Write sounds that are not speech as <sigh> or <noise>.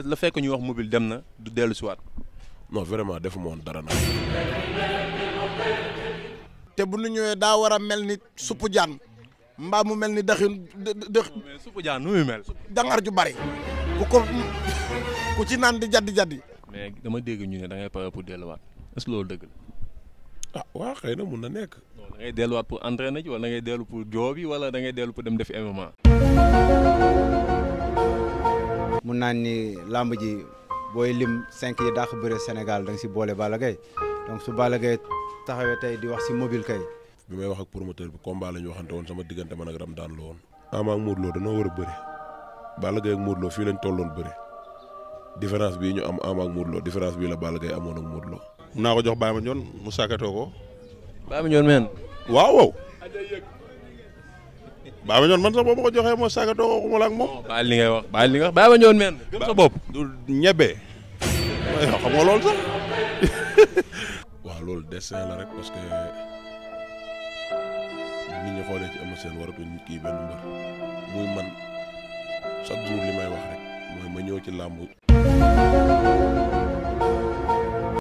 la fekk ñuy wax mobile dem na du dellu si waat non vraiment defuma woon dara nag te bu nu ñëwee daa war a mel ni suppu jaan mbaa mu mel ni daxin dë suppu jaan nu muy mel dangar ju bari ku ko ku ci naan di jaddi jaddi mais dama dégg ñu ne da ngay pare pour delluwaat est-ce que loolu dëgg la ah waaw xëy na mun na nekk. da ngay delluwaat pour entraîner ji wala da ngay dellu pour joobi wala da dellu pour dem def MMA. naa ni làmb ji booy lim cinq yi dàq bëre Sénégal da si boole Balla Gaye donc su Balla Gaye taxawee tey di wax si mobile kay. bi may wax ak promoteur bi combat la ñu waxante woon sama diggante man ak Ramdaan la woon. Ama ak a bëre. Balla Gaye ak Modou Lo fii lañ tolloon bëre différence bii ñu am Ama ak Modou Lo différence bii la Balla Gaye amoon ak Modou Lo. mun naa ko jox Baye Mandione mu sàkkatoo ko. Baye Mandione men waaw waaw. Baye Mandione man sax boobu ma joxee moo saaga doo a waxumala ak moom. baal li ngay wax baal li nga wax Baye Mandione men gëm sa bopp du ñebe. waaw xam nga lool sax. <laughs> waaw loolu dessin la rek parce que nit xoolee ci am seen waratuñ kii benn mu muy man chaque jour li may wax rek ma ñëw ci làmb.